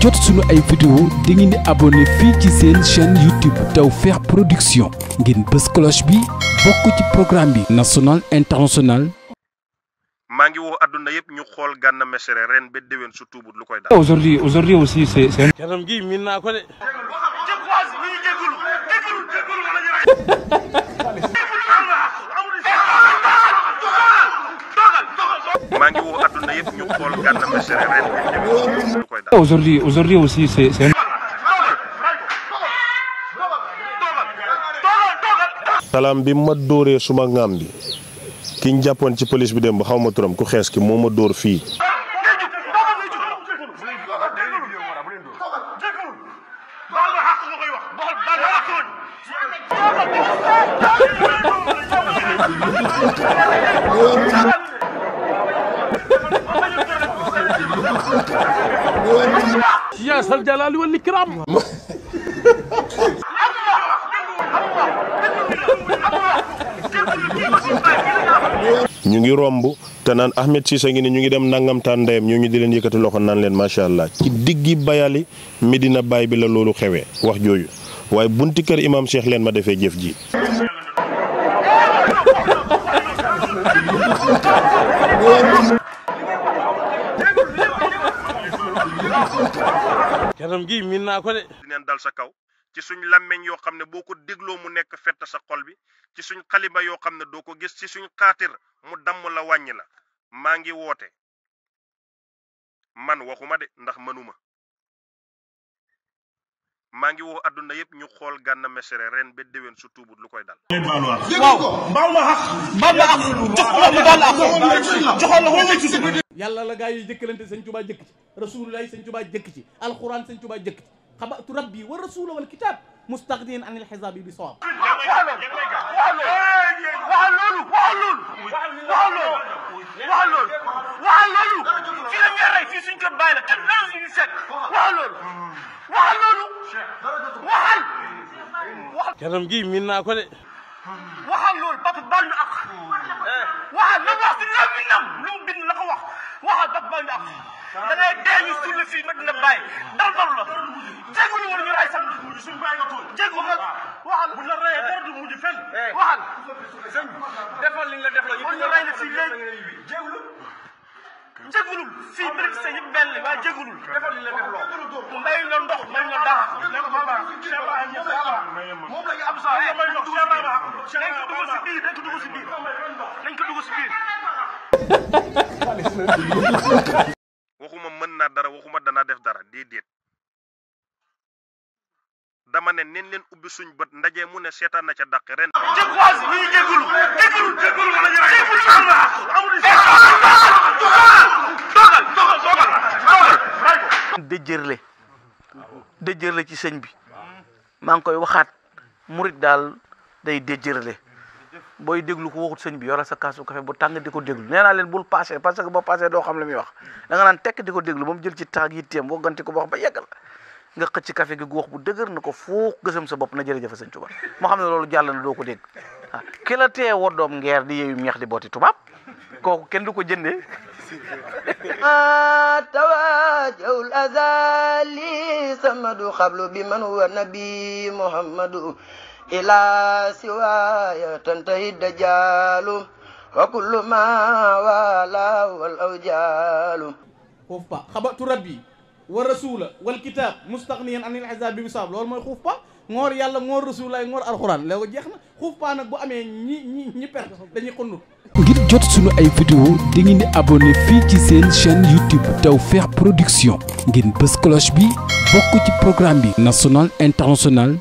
jot suñu ay vidéo da ngeen di abonné fii ci seen chaîne YouTube Tawfekh Production ngeen bës cloche bi bokk ci programme bi national international maa ngi woo adduna yëpp ñu xool Gana Messere ren ba déwén su tuubut lu koy daal aujourd'hui naa ko Sénégalais yëpp ñu xool Gana Messere salaam bi ma dóoree suma ngaam bi ki jàppoon ci police bi dem ba xaw ma turam ku xees ki moo ma dóor fii. ñu ngi romb te naan Ahmed Cissé ngi ni ñu ngi dem nangam taan ndeyam ñoo ñu di leen yëkkati loxo naan leen macha allah ci diggi bayali Medina Baay bi la loolu xewee wax jooju waaye bunti kër imaam Cheikh leen ma defee jëf ji. kanam gi min naa ko de. dinañ dal sa kaw ci suñ làmmeñ yoo xam ne boo ko dégloo mu nekk fett sa xol bi ci suñ xaliba yoo xam ne doo ko gis ci suñ xaatir mu damm la wàññi na maa ngi woote man waxuma de ndax manuma maa ngi woo adduna yëpp ñu xool Gana Messere ren ba déwén su tuubut lu koy dal. waaw baal ma xaq. baal ma xaq jox la mu baal ak joxoon la ko nekk ci yàlla la gaa yi jëkkalante sëñ Tuubaa jëkk ci rasulullahi sëñ Tuubaa jëkk ci alquran sëñ Tuubaa jëkk ci xabaatu rabbi wa rasula wal kitab mustaqdiyan anil xisaab bi sawab wax loolu fii la ñu rey fii suñ ko bàyyi la kenn loolu ñu ngi seet wax loolu wax loolu waxal. kanam gi miin naa ko de. waxal loolu Pape baal ñu àq. waxal na wax lu mu bind la wax waxal Pape baal ñu àq. da ngay dee ñu suul fii nag na bàyyi dal dal la jégalu woon ñu ray sax suñu bàyyi nga tool jégalu nag waxal bu la rayee dara du mujj fenn waxal defal li nga def la ñu ray la fii léegi jégalu jégulul fii bëri dara léegi ma waxuma mën naa dara waxuma danaa def dara déedéet dama ne neen leen ubbi suñ bët ndaje mu ne seetaan ca dàq ren ci xoos ñuy jégulu jégulu jégulu wala jégulu amul toogal toogal toogal toogal. dëjërle dëjërle ci sëñ bi maa ngi koy waxaat murit daal day dëjërle booy déglu ko waxut sëñ bi yora sa kaasu café bu tàng di ko déglu nee naa leen bul passé parce que boo passé doo xam la muy wax da nga naan tekk di ko déglu ba mu jël ci taag yitteem wogganti ko ba wax ba yeggal nga xëcc kafe gi góox bu dëgër na ko fuux gësam sa bopp na jërëjëf sëñ Tuubaa moo xam ne loolu jàll na doo ko dégg ah ki tee woddoom ngeer di yeeyu ñeex di booti tubaab kooku kenn du ko jëndee tawajawul azali samadu xablu bi man wa nabi muhammadu ila siwaya tantahi dajalu wa kullu ma wala wal awjalu wofpa xabatu rabbi wa rasula wal kitab mustaghniyan anil ahzab bi bisaab loolu mooy xuuf pa ngoor yàlla ngoor rasulaay ngoor alxuraan léegi jeex na xuuf pa nag bu amee ñi ñi ñi perte dañuy xonnut ngir jot suñu ay vidéo di ngeen di abonné fii ci seen chaîne YouTube Tawfekh Production ngeen bës cloche bi bokk ci programme bi national international